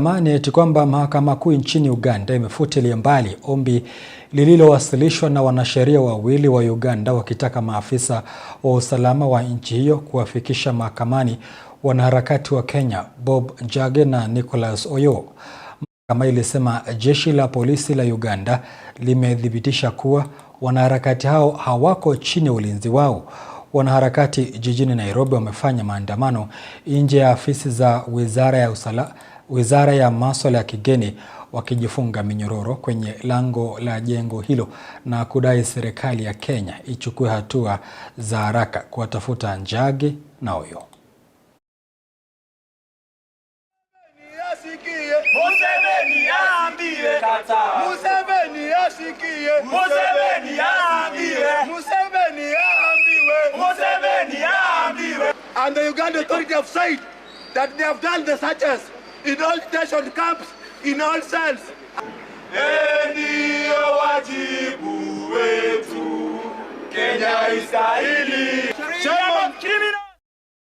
Amani eti kwamba mahakama kuu nchini Uganda imefutilia mbali ombi lililowasilishwa na wanasheria wawili wa Uganda wakitaka maafisa wa usalama wa nchi hiyo kuwafikisha mahakamani wanaharakati wa Kenya Bob Njagi na Nicholas Oyoo. Mahakama ilisema jeshi la polisi la Uganda limethibitisha kuwa wanaharakati hao hawako chini ya ulinzi wao. Wanaharakati jijini Nairobi wamefanya maandamano nje ya afisi za Wizara ya Usalama Wizara ya Masuala ya Kigeni wakijifunga minyororo kwenye lango la jengo hilo na kudai serikali ya Kenya ichukue hatua za haraka kuwatafuta Njagi na Oyoo. And the Uganda authority have said that they have done the searches in all detention camps, in all cells. Ndiyo wajibu wetu, Kenya istahili